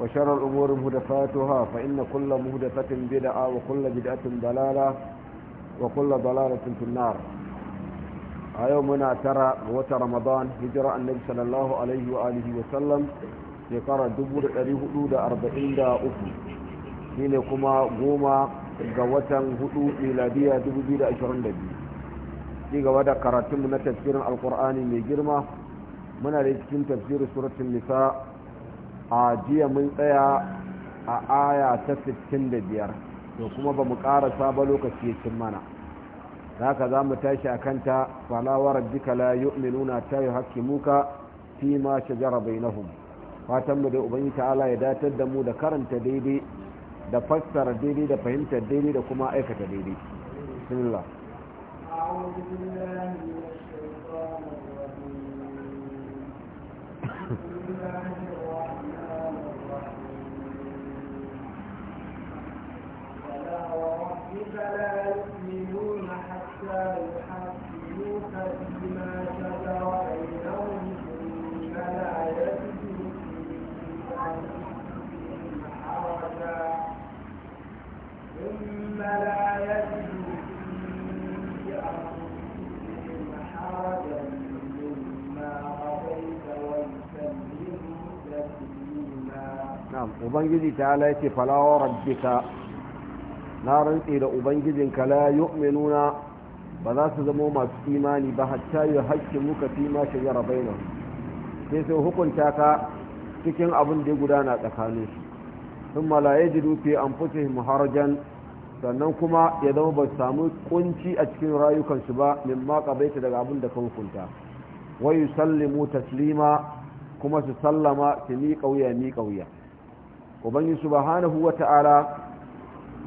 وشر الأمور مهدفاتها فإن كل مهدفة بدعة وكل بدعة ضلالة وكل ضلالة في النار يومنا ترى وت رمضان هجرة النبي صلى الله عليه وآله وسلم يقرا دبر أريه أولود أربعين دا أفو هنا كما قوما قوتا هدو ميلادية دبر أشرين دبي تيغا ودا قراتم من تفسير القرآن من جرمة من تفسير سورة النساء a jiya mun tsaya a aya ta 65 to kuma ba mu karasa ba lokaci cin mana haka za mu tashi a kanta falawar jika la yu'minuna ta yi muka, fi ma shajara bainahum fatan mu da ubangi ta'ala ya datar da mu da karanta daidai da fassara daidai da fahimtar daidai da kuma aikata daidai bismillah حتى يحكموك فيما شجر بينهم حرجا ثم لا حرجا مما نعم تعالى فلا وربك na rantse da ubangijinka la yu'minuna ba za su zama masu imani ba hatta yi haƙƙin muka fi ma shajara su sai sai hukunta ka cikin abin da ya gudana tsakanin su sun malaye ji fi an fuce muharajan sannan kuma ya zama ba samu kunci a cikin rayukansu ba min ma ta daga abin da ka hukunta wai su sallimu taslima kuma su sallama su miƙa wuya miƙa wuya ubangi subhanahu wa ta'ala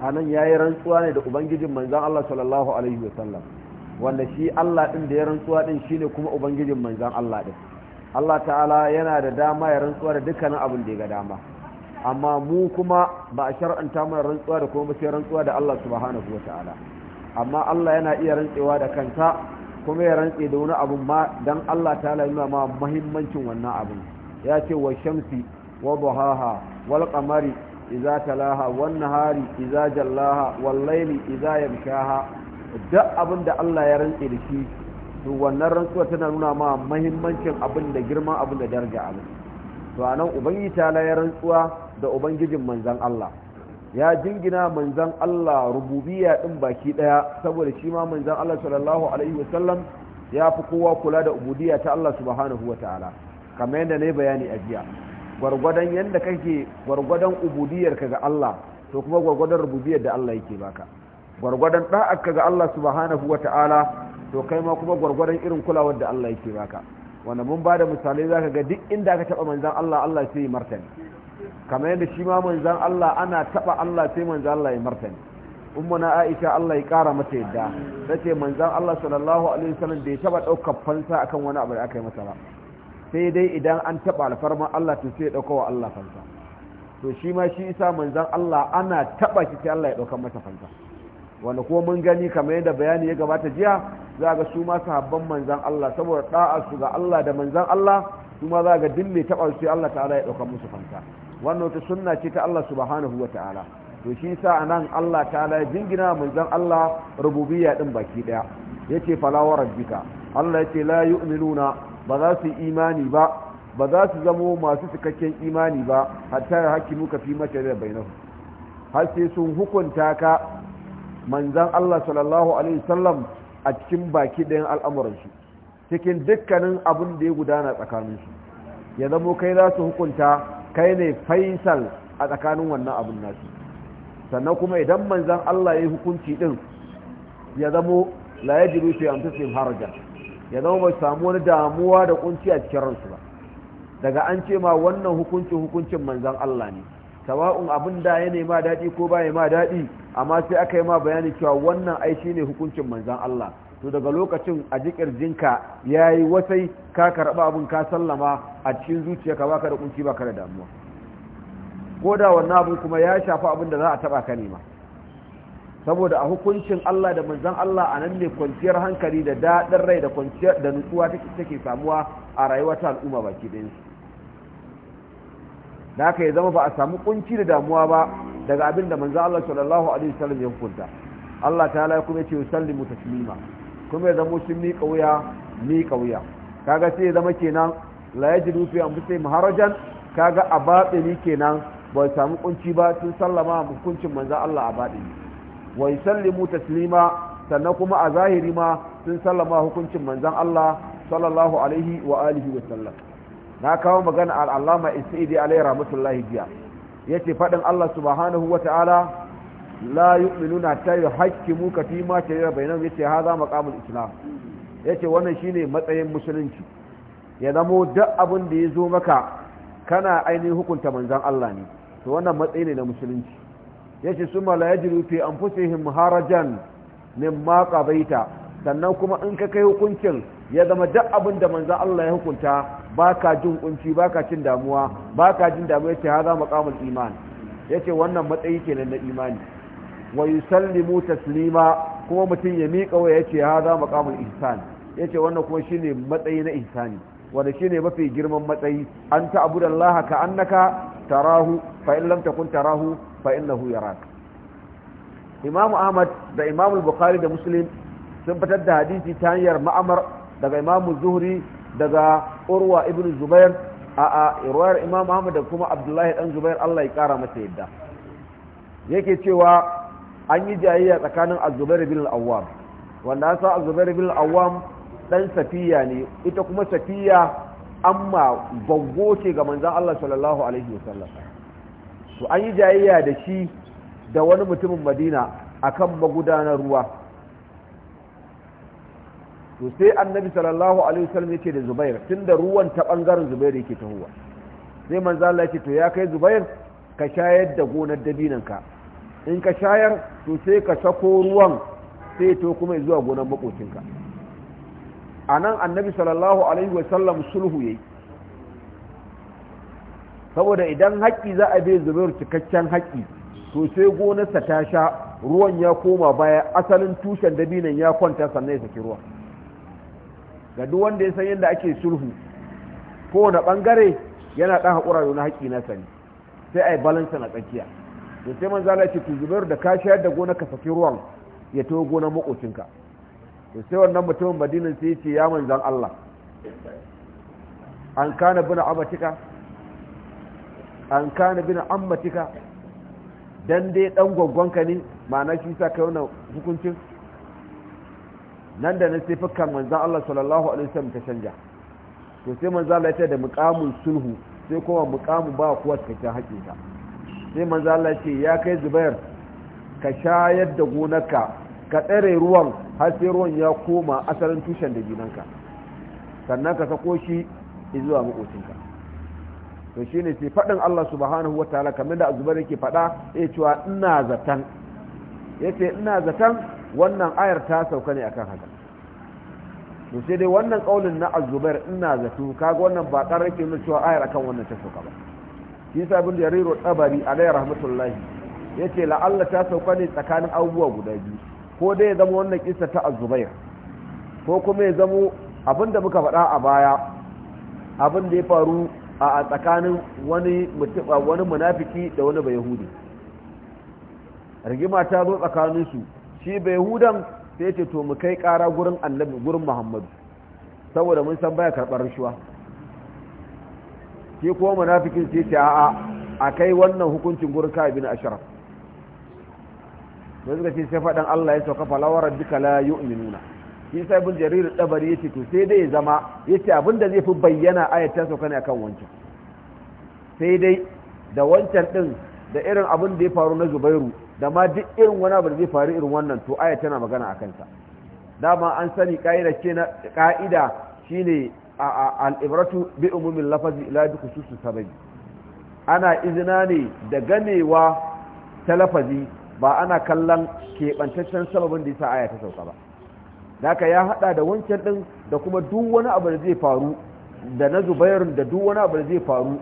a nan rantsuwa ne da ubangijin manzan allah sallallahu alaihi wa sallam wanda shi Allah ɗin da ya rantsuwa ɗin shi ne kuma ubangijin manzan Allah din Allah ta'ala yana da dama ya rantsuwa da dukkanin abin da ya ga dama amma mu kuma ba a shar'anta mana rantsuwa da kuma sai rantsuwa da Allah subhanahu ta'ala amma Allah yana iya rantsewa da kanta kuma ya rantse da wani abin ma dan Allah ta'ala yana ma muhimmancin wannan abin ya ce wa shamsi wa buhaha wal qamari idza talaha wan nahari idza jallaha wal layli idza yamshaha duk abin da Allah ya rantse da shi to wannan rantsuwa tana nuna ma mahimmancin abin da girman abin da daraja abin to anan ubangiji ta ya rantsuwa da ubangijin manzan Allah ya jingina manzan Allah rububiya din baki daya saboda shi ma manzan Allah sallallahu alaihi wasallam ya fi kowa kula da ubudiyya ta Allah subhanahu wataala kamar yadda ne bayani a jiya gwargwadon yadda kake gwargwadon ubudiyarka ga Allah to kuma gwargwadon rububiyar da Allah yake baka gwargwadon ka ga Allah subhanahu wa ta'ala, to kai ma kuma gwargwadon irin kulawar da Allah yake baka wanda mun bada misalai ka ga duk inda ka taba manzan Allah Allah sai ya martani kamar yadda shi ma manzan Allah ana taba Allah sai manzan Allah ya martani ummuna Aisha Allah ya kara mata yadda ce manzan Allah sallallahu alaihi wasallam ya taba daukar fansa akan wani abu da aka yi masa ba sai dai idan an taba alfarma Allah to sai ya dauka wa Allah fansa to shi ma shi isa manzan Allah ana taba shi sai Allah ya ɗaukar masa fansa wanda kuma mun gani kamar yadda bayani ya gabata jiya za ga su ma sahabban manzan Allah saboda da'a su ga Allah da manzan Allah su ma za ga dille mai taɓa Allah ta'ala ya dauka musu fanta wannan wata sunna ce ta Allah subhanahu wa ta'ala to shi sa nan Allah ta'ala ya jingina manzan Allah rububiyya din baki ɗaya yace falawa rabbika Allah yace la yu'minuna ba za su imani ba ba za su zamo masu cikakken imani ba hatta ya hakimu ka fi mace da bainahu har sai sun hukunta ka manzan Allah sallallahu alaihi wasallam a cikin baki ɗayan al'amuransu cikin dukkanin abin da ya gudana tsakaninsu ya zamo kai za su hukunta kai ne faisal a tsakanin wannan abin nasu sannan kuma idan manzan Allah ya yi hukunci ɗin ya zamo la ya jiru fi amtasim ya zama bai samu wani damuwa da kunci a cikin ransu ba daga an ce ma wannan hukuncin hukuncin manzan Allah ne sawa'un abin da ya nema daɗi ko ba ya ma daɗi amma sai aka yi ma bayani cewa wannan ai shi ne hukuncin manzan Allah to daga lokacin a ji jinka ya yi wasai ka karɓa abin ka sallama a cikin zuciya ka baka da kunci baka da damuwa ko da wannan abin kuma ya shafi abin da za a taɓa ka nema saboda a hukuncin Allah da manzan Allah a nan ne kwanciyar hankali da daɗin rai da kwanciyar da nutsuwa take samuwa a rayuwar al'umma baki ɗayansu da haka ya zama ba a samu kunci da damuwa ba daga abin da manzo Allah sallallahu alaihi wasallam ya hukunta Allah ta'ala ya kuma ce sallimu taslima kuma ya zama sun miƙa wuya miƙa wuya kaga sai ya zama kenan la yajidu fi anfusihim harajan kaga a ni kenan ba ya samu kunci ba sun sallama hukuncin manzo Allah a wa yusallimu taslima sannan kuma a zahiri ma sun sallama hukuncin manzon Allah sallallahu alaihi wa alihi wa sallam na kawo magana al'allama isa'idi alayhi rahmatullahi jiya yace ce faɗin allah subhanahu wa ta'ala la yu'minuna ta yi haƙƙi muka fi ma ce yara bayanan ya ce ha za islam ya wannan shine matsayin musulunci ya zamo duk abin da ya zo maka kana ainihin hukunta manzan allah ne to wannan matsayi ne na musulunci ya ce su mala ya jiru fi an harajan min ma sannan kuma in ka kai hukuncin ya zama duk abin da manzo Allah ya hukunta baka jin kunci baka cin damuwa baka jin damuwa yace haza maqamul iman yace wannan matsayi kenan na imani wa yusallimu taslima kuma mutum ya miƙa waya yace haza maqamul ihsan yace wannan kuma shine matsayi na ihsani wanda shine mafi girman matsayi an ta'budallaha ka annaka tarahu fa in lam takun tarahu fa innahu yarak imamu ahmad da imam bukhari da muslim sun fitar da hadisi ta hanyar ma'amar daga imam zuhri daga urwa ibn zubair a a ruwayar imam ahmad da kuma abdullahi dan zubair Allah ya kara masa yadda yake cewa an yi jayayya tsakanin az-zubair bin al-awwam wanda sa az-zubair bin al-awwam dan safiya ne ita kuma safiya amma bango ce ga manzon Allah sallallahu alaihi wasallam to an yi jayayya da shi da wani mutumin madina akan magudanar ruwa to sai annabi sallallahu alaihi wasallam yake da zubair tunda ruwan ta bangaren zubair yake tahowa sai manzo Allah yake to ya kai zubair ka shayar da gonar dabinan ka in ka shayar to sai ka sako ruwan sai to kuma zuwa gonar ka anan annabi sallallahu alaihi wasallam sulhu yayi saboda idan haƙƙi za a bai zubair cikakken haƙƙi to sai gonarsa ta sha ruwan ya koma baya asalin tushen dabinan ya kwanta sannan ya saki ruwan ga duk wanda ya san yadda ake sulhu kowane bangare yana dan hakura na haƙi na sani sai ai balance balansa na tsakiya to sai man zala ce zubar da ka shayar da gonar ka saki ruwan ya taho gonar makocinka to sai wannan mutumin madinan sai ce ya manzan Allah an kana bina amatika an kana bin ammatika dan dai dan ne ma'ana shi sa kai wannan hukuncin nan da nan sai fukan manzan Allah sallallahu alaihi wasallam ta canja to sai manzan Allah ya ce da muqamul sulhu sai kuma muqamu ba kuwa cikakken hakika sai manzan Allah ya ce ya kai Zubair ka shayar da gonarka ka tsare ruwan har sai ruwan ya koma asalin tushen da ginanka sannan ka sako shi zuwa ka to shine sai fadin Allah subhanahu wataala kamar da Zubair yake fada ya cewa ina zatan yace ina zatan wannan ayar ta sauka ne akan haka to sai dai wannan kaulin na azubair ina zato kaga wannan ba karar ke nuna cewa ayar akan wannan ta sauka ba shi yasa ibn jarir tabari alayhi rahmatullah yace la Allah ta sauka ne tsakanin abubuwa guda biyu ko dai ya zama wannan kissa ta azubair ko kuma ya zama abinda muka faɗa a baya abin da ya faru a tsakanin wani wani munafiki da wani bayahudi rigima ta zo tsakanin su shi bayahudan sai ce to mu kai kara gurin annabi gurin muhammadu saboda mun san baya karɓar rushuwa ke kuma munafikin sai ce a'a a kai wannan hukuncin gurin ka bin ashraf to suka ce sai faɗan Allah ya sauka falawar duka la yu'minuna shi sai bin jarir dabari yace to sai dai zama yace da zai fi bayyana ayatan sauka ne akan wancan sai dai da wancan din da irin abin da ya faru na zubairu da ma duk irin wani abu da zai faru irin wannan to aya tana magana a kansa dama an sani ka'ida ce na ka'ida shine al'ibratu bi umumin lafazi la bi khususi sababi ana izina ne da ganewa ta lafazi ba ana kallon keɓantaccen sababin da yasa aya ta sauka ba daka ya hada da wancan din da kuma duk wani abu da zai faru da na zubairun da duk wani abu da zai faru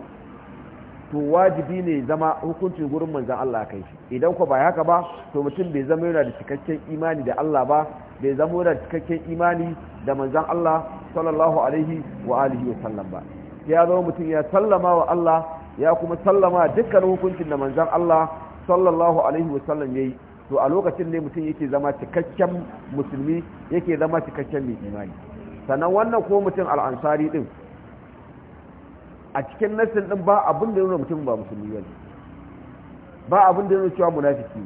to wajibi ne zama hukuncin gurin manzan Allah kai shi idan ko ba haka ba to mutum bai zama yana da cikakken imani da Allah ba bai zama yana da cikakken imani da manzan Allah sallallahu alaihi wa alihi wa sallam ba ya zama mutum ya sallama wa Allah ya kuma sallama dukkan hukuncin da manzan Allah sallallahu alaihi wa sallam yayi to a lokacin ne mutum yake zama cikakken musulmi yake zama cikakken mai imani sannan wannan ko mutum al ansari din a cikin nassin din ba abin da nuna mutum ba musulmi bane ba abin da nuna cewa munafiki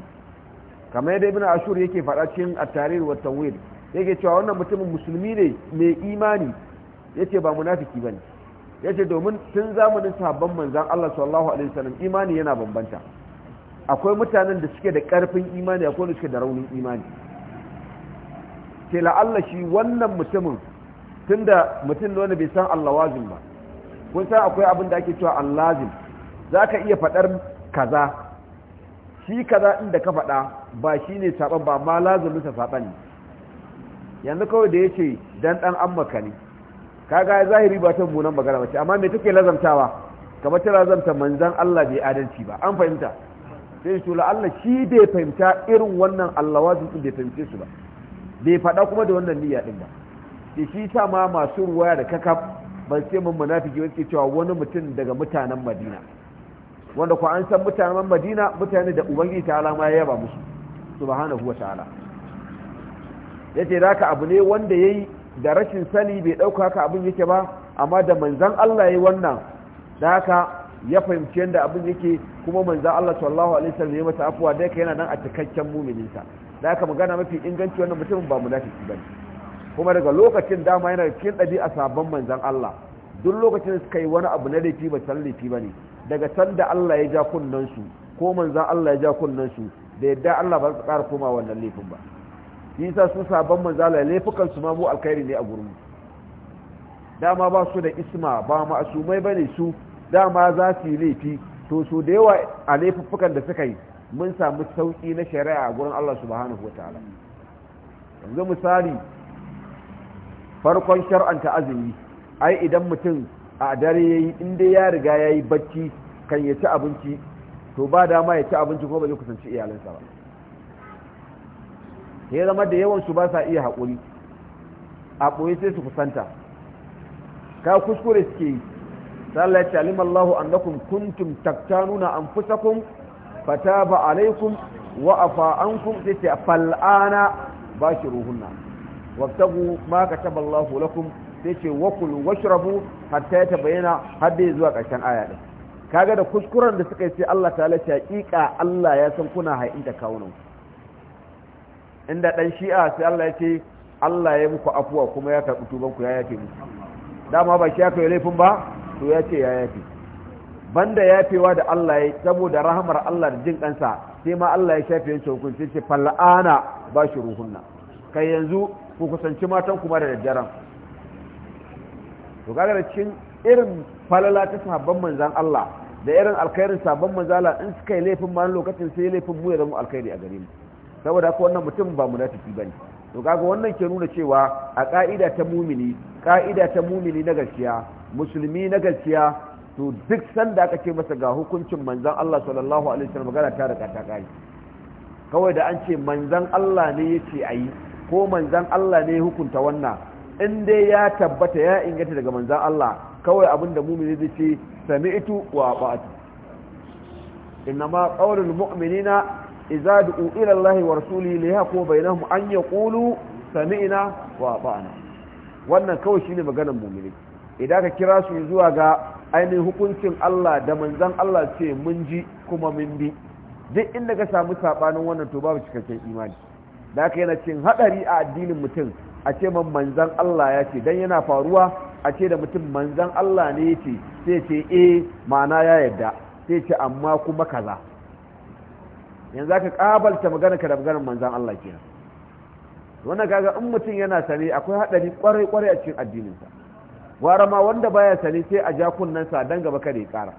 kamar yadda ibn ashur yake faɗa cikin at-tarir wa tawil yake cewa wannan mutumin musulmi ne mai imani yace ba munafiki bane yace domin tun zamanin sahabban manzon Allah sallallahu alaihi wasallam imani yana bambanta akwai mutanen da suke da karfin imani akwai da suke da raunin imani sai la'alla shi wannan mutumin tunda mutum da wani bai san Allah wajin ba kun san akwai abin da ake cewa allazim za ka iya faɗar kaza shi kaza inda ka faɗa ba shi ne saɓan ba ma lazuminsa saɓan ne yanzu kawai da ya ce dan ɗan an maka ne kaga zahiri ba ta munan magana ce amma me take lazamtawa kamar ta lazamta manzan Allah bai adalci ba an fahimta sai shi Allah shi bai fahimta irin wannan allah wasu din bai fahimce su ba bai faɗa kuma da wannan niyya din ba shi sa ma masu ruwaya da kakaf ban ce mun munafiki wani cewa wani mutum daga mutanen madina wanda ku an san mutanen madina mutane da ubangiji ta alama ya yaba musu subhanahu wa ta'ala ce da ka abu ne wanda yi da rashin sani bai ɗauka haka abin yake ba amma da manzan Allah ya yi wannan da haka ya fahimci yadda abin yake kuma manzan Allah sallallahu alaihi wasallam ya mata afuwa da yake yana nan a cikakken mu'minin sa da haka magana mafi inganci wannan mutumin ba munafiki bane kuma daga lokacin dama yana cikin ɗabi'a sabon manzan Allah duk lokacin suka yi wani abu na laifi ba san laifi ba ne daga can da Allah ya ja kunnensu ko manzan Allah ya ja kunnen su da yadda Allah ba su ƙara koma wannan laifin ba shi yasa su sabon manzan Allah laifukan su ma mu alkhairi ne a gurin mu dama ba su da isma ba asumai bane su dama za su yi laifi to su da yawa a laifuffukan da suka yi mun samu sauki na shari'a a gurin Allah subhanahu wataala yanzu misali farkon shar'anta azumi ai idan mutum a dare yayi in dai ya riga yayi bacci kan ya ci abinci to ba dama ya ci abinci ko ba zai kusanci iyalansa ba ya zama da yawan su ba sa iya haƙuri a ɓoye sai su kusanta ka kuskure suke yi sallah ta alim Allahu annakum kuntum taktanuna anfusakum fataba alaikum wa afa ankum sai ta fal'ana bashiruhunna wabtagu ma kataba Allahu lakum sai ce wakulu washrabu hatta ta bayyana har da zuwa ƙarshen aya din kaga da kuskuren da suka yi sai Allah ta lalace hakika Allah ya san kuna hainta kawuna. inda dan shi'a sai Allah ya ce Allah ya muku afuwa kuma ya karɓi tuban ku ya yafe muku dama ba shi ya kai laifin ba to ya ce ya yafe banda yafewa da Allah ya saboda rahmar Allah da jin kansa sai ma Allah ya shafe yancin hukunci ce fal'ana ba shi ruhunna kai yanzu ku kusanci matan kuma da daddaren to kaga da cikin irin falala ta sabon manzan Allah da irin alkhairin sabon manzan Allah in suka yi laifin ma lokacin sai laifin mu ya zama alkhairi a gare mu saboda haka wannan mutum ba mu munafiki bane to kaga wannan ke nuna cewa a ka'ida ta mumini ka'ida ta mumini na gaskiya musulmi na gaskiya to duk sanda aka ce masa ga hukuncin manzan Allah sallallahu alaihi wasallam ta riga ta kai kawai da an ce manzan Allah ne yace ayi ko manzan Allah ne hukunta wannan in dai ya tabbata ya inganta daga manzan Allah kawai abin da mumini zai ce itu wa ata'tu innama qawlul mu'minina iza da ila Allahi wa rasulihi ko yahkum mu an sami ina wa na. wannan kawai shine maganar mumini idan ka kira su zuwa ga ainihin hukuncin Allah da manzan Allah ce mun ji kuma mun bi duk inda ka samu saɓanin wannan to babu cikakken imani da aka yana cin haɗari a addinin mutum a ce man manzan Allah ya ce don yana faruwa a ce da mutum manzan Allah ne ya ce sai ce eh ma'ana ya yadda sai ce amma kuma kaza yanzu aka kabalta magana ka da maganar manzan Allah nan wannan kaga in mutum yana sane akwai haɗari kwarai kwarai a cikin addininsa gwara ma wanda baya sane sai a ja kunnensa dan gaba kada ya kara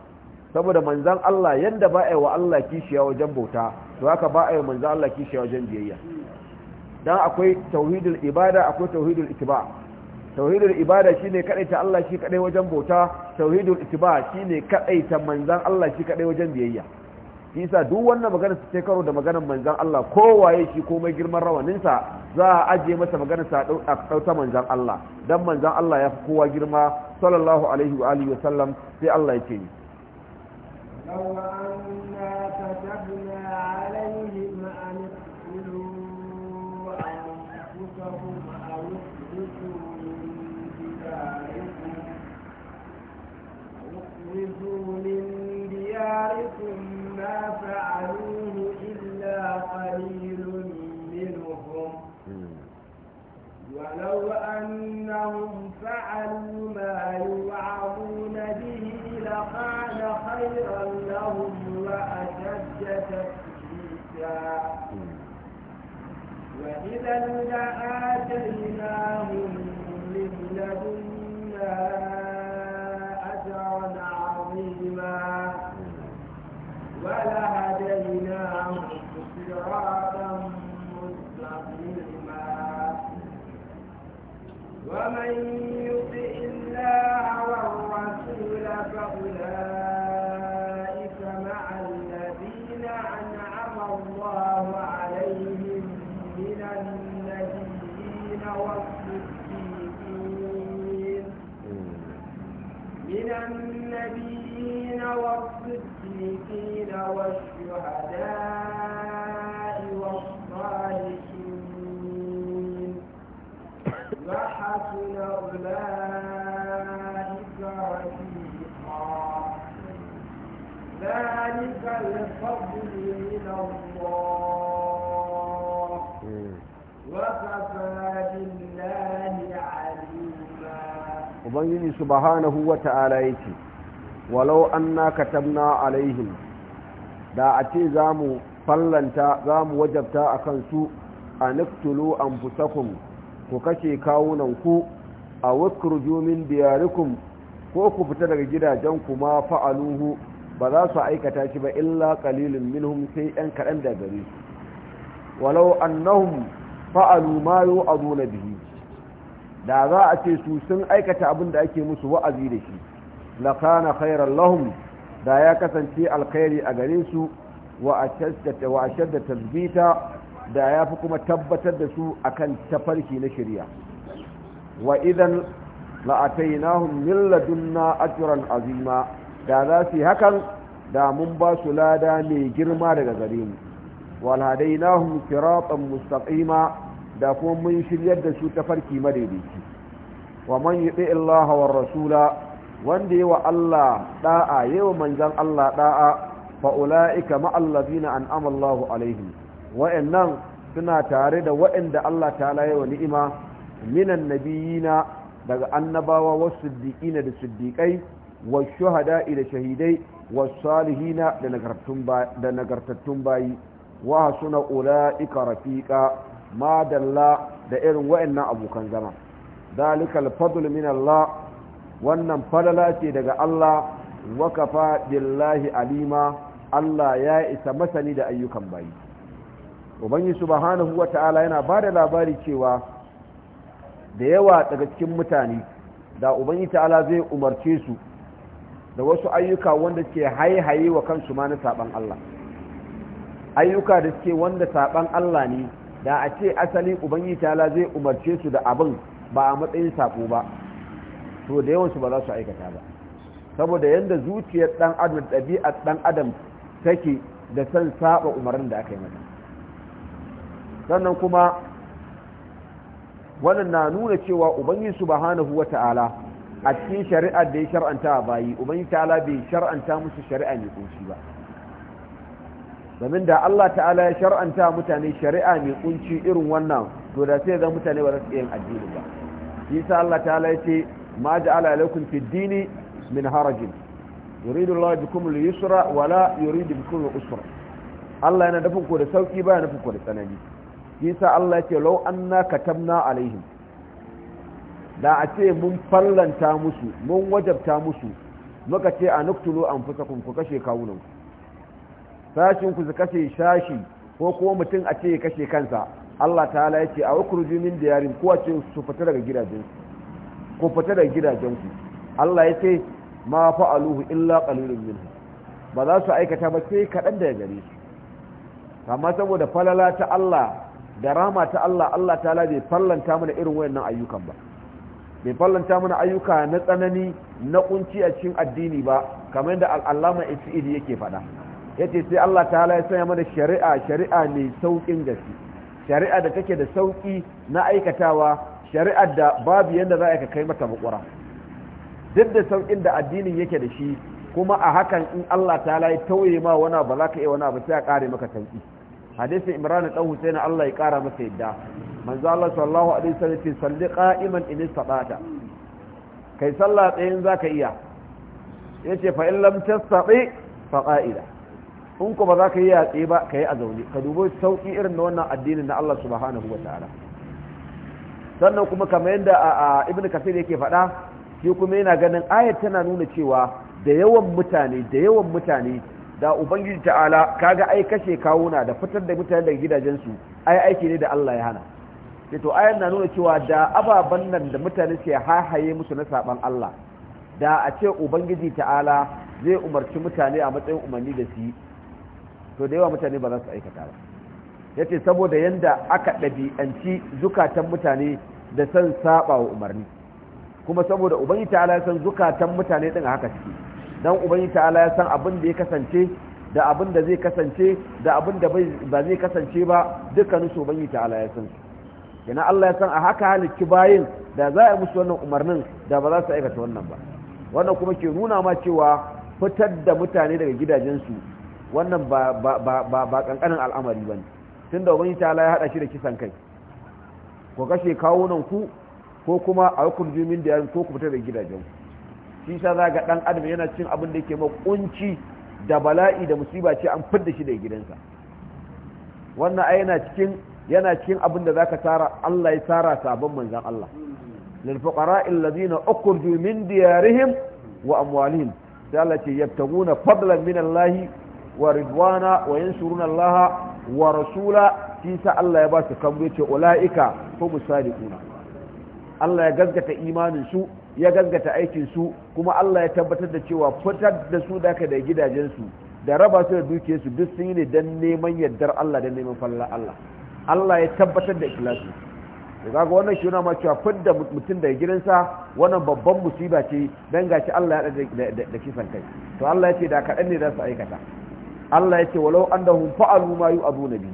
saboda manzan Allah yanda ba a yi wa Allah kishiya wajen bauta to haka ba a yi manzan Allah kishiya wajen biyayya dan akwai tauhidul ibada akwai tauhidul itiba tauhidul ibada shine kadaita Allah shi kadai wajen bauta tauhidul itiba shine kadaita manzan Allah shi kadai wajen biyayya yasa duk wannan magana su karo da maganar manzan Allah kowaye shi komai girman sa za a ajiye masa maganar sa a manzon manzan Allah dan manzan Allah ya fi kowa girma sallallahu alaihi wa alihi wa sallam sai Allah ya ce ni ومن يطع الله والرسول فأولئك مع الذين أنعم الله عليهم من النبيين والصديقين من النبيين والصديقين والشهداء ذلك su من الله وكفى بالله عليما وبين سبحانه وتعالى يتي ولو أنا كتبنا da a ce za mu fallanta za mu wajabta a kansu a niktulu an fusakun ku kashe kawunanku a wakar jomin diyarikun ko ku fita daga gidajenku ma fa'aluhu ba za su aikata shi ba illa qalilun minhum sai 'yan kaɗan da gare su walau annahum fa'alu ma na bihi da za a ce su sun aikata abin da ake musu wa'azi da shi la kana khairan lahum da ya kasance alkhairi a gare su wa ashadda wa ashadda tasbita da ya fi kuma tabbatar da su akan tafarki na shari'a wa idan la'atainahum min ladunna ajran azima da za su yi hakan da mun ba su lada mai girma daga gare mu walhadainahum siratan mustaqima da kuma mun shiryar da su ta farki madaidaici wa man yuti Allah war rasula wanda yawa Allah da'a yawa manzan Allah ɗa'a. fa ulaika ma allazina alaihi Allah wa'annan suna tare da wa'anda Allah ta'ala yawa ni'ima minan nabiyina daga annabawa wasu siddiqina da siddiƙai والشهداء الى شهيدي shahidai wa salihina da nagartattun bayi wa suna ula'ika rafiqa ma dalla da irin waɗannan abokan zama dalikal fadl wannan falala ce daga Allah wa kafa billahi alima Allah ya isa masani da ayyukan bayi ubangi subhanahu wa ta'ala yana ba da labari cewa da yawa daga cikin mutane da ubangi ta'ala zai umarce su da wasu ayyuka wanda ke haihaye wa kansu ma na saban Allah ayyuka da suke wanda saban Allah ne da a ce asali ubangi tala zai umarce su da abin ba a matsayin sako ba to da yawansu ba za su aikata ba saboda yadda zuciyar dan adam ɗabi'ar dan adam take da san saba umarnin da aka yi mata sannan kuma wannan na nuna cewa ubangi subhanahu wata'ala a cikin shari'ar da ya shar'anta a bayi ubangi ta'ala bai shar'anta musu shari'a mai kunci ba domin da Allah ta'ala ya shar'anta mutane shari'a mai kunci irin wannan to da sai zan mutane ba za su iya yin addini ba shi sa Allah ta'ala ya ce ma ja'ala alaikum fi dini min harajin yuridu Allah bikum al-yusra wa la yuridu bikum al-usra Allah yana nufin ku da sauki ba yana nufin ku da tsanani shi sa Allah ya ce law anna katamna alaihim da a ce mun fallanta musu mun wajabta musu muka ce a nuktulu an fusakun ku kashe kawunanku sashin ku su kashe shashi ko kuma mutum a ce ya kashe kansa Allah ta'ala ya ce a wakurju min diyarin ko ce su fita daga gidajen ku fita daga gidajen ku Allah ya ce ma fa'aluhu illa qalilun minhu ba za su aikata ba sai kaɗan daga gare su amma saboda falala ta Allah da rama ta Allah Allah ta'ala bai fallanta mana irin wayannan ayyukan ba bai fallanta mana ayyuka na tsanani na kunci a cikin addini ba kamar da al'alama isa'id yake faɗa yace sai Allah Ta ya sanya mana shari'a shari'a mai sauƙin gaske shari'a da take da sauƙi na aikatawa shari'a da babu yadda za ka kai mata bukura duk da sauƙin da addinin yake da shi kuma a hakan in Allah Ta ya tauye ma wani ba za ka iya wani abu sai a kare maka sauki hadisin imran ɗan husaina Allah ya kara masa yadda manzo Allah sallallahu alaihi wasallam ce salli qa'iman in istata kai sallah tsayin zaka iya yace fa in lam tastati fa qa'ida in ko ba za ka yi yatsi ba ka yi a zaune ka dubo sauƙi irin na wannan addinin na Allah subhanahu wa ta'ala sannan kuma kamar yadda a ibn kasir yake faɗa shi kuma yana ganin ayat tana nuna cewa da yawan mutane da yawan mutane da ubangiji ta'ala kaga ai kashe kawuna da fitar da mutane daga gidajensu ai aiki ne da Allah ya hana ke to ayan na nuna cewa da ababen nan da mutane ke hahaye musu na saban Allah da a ce ubangiji ta'ala zai umarci mutane a matsayin umarni da su to da yawa mutane ba za su aikata ba ya ce saboda yadda aka ɗabi'anci zukatan mutane da san saba wa umarni kuma saboda ubangiji ta'ala ya san zukatan mutane ɗin haka ciki don ubangiji ta'ala ya san abin da ya kasance da abin da zai kasance da abin da ba zai kasance ba dukkanin su ubangiji ta'ala ya san su ina Allah ya san a haka halicci bayin da za a musu wannan umarnin da ba za su aikata wannan ba wannan kuma ke nuna ma cewa fitar da mutane daga gidajensu wannan ba kankanin al'amari ba ne tun da wani tala ya haɗa shi da kisan kai ko kashe kawunan ku ko kuma a hukun min da yarin ko ku fitar da gidajen shi sa za ga ɗan adam yana cin abin da yake makunci da bala'i da musiba ce an fidda shi da gidansa wannan ai yana cikin yana cikin abin da zaka tara Allah ya tara sabon manzan Allah lil fuqara alladhina min diyarihim wa amwalihim sai Allah ce yabtaguna fadlan min Allah wa ridwana wa yansuruna Allah wa rasula shi sa Allah ya ba su kambo ce ulaika humus sadiquna Allah ya gaskata imanin su ya gaskata aikin su kuma Allah ya tabbatar da cewa fitar da su daga da gidajen su da raba su da dukiyarsu duk sun yi ne don neman yardar Allah da neman fallar Allah Allah ya tabbatar da ikilasi da ga wannan shuna ma cewa fidda mutum daga girinsa wannan babban musiba ce dan gashi Allah ya da da kisan kai to Allah ya ce da kaɗan ne za su aikata Allah ya ce walau hun fa'alu ma na biyu,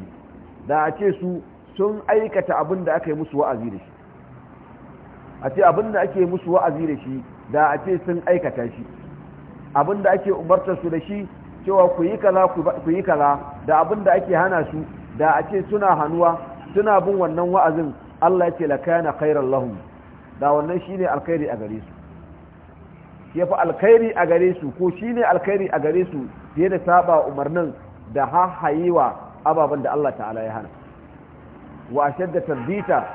da a ce su sun aikata abin da aka yi musu wa'azi da shi a ce abin da ake musu wa'azi da shi da a ce sun aikata shi abin da ake umartar su da shi cewa ku yi kaza ku yi kaza da abin da ake hana su da a ce suna hannuwa suna bin wannan wa'azin Allah ya ce lakana khairan lahum da wannan shine alkhairi a gare su yafi alkhairi a gare su ko shine alkhairi a gare su fiye da saba umarnin da ha hahayewa ababen da Allah ta'ala ya hana wa shadda tarbita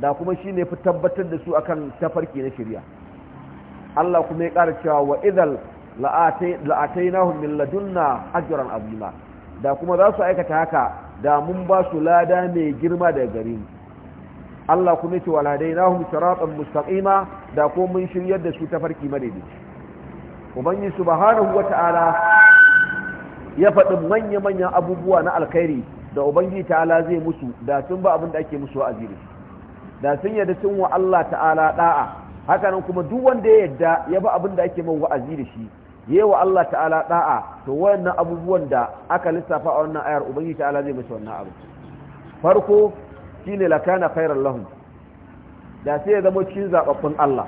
da kuma shine fi tabbatar da su akan tafarki na shirya Allah kuma ya ƙara cewa wa la'atai la'atainahum min ladunna ajran da kuma za su aikata haka da mun ba su lada mai girma da gare mu Allah kuma yace waladainahum siratan mustaqima da ko mun shiryar da su ta farki madaidaici ubangiji subhanahu wata'ala ya faɗi manya manyan abubuwa na alkhairi da ubangiji ta'ala zai musu da sun ba abin da ake musu a jiri da sun yarda sun wa Allah ta'ala da'a haka nan kuma duk wanda ya yarda ya ba abin da ake mawa wa'azi da shi wa Allah ta'ala da'a to wayannan abubuwan da aka lissafa a wannan ayar ubangi ta'ala zai mace wannan abu farko ne lakana khairan lahum da sai ya zama cikin zaɓaɓɓun Allah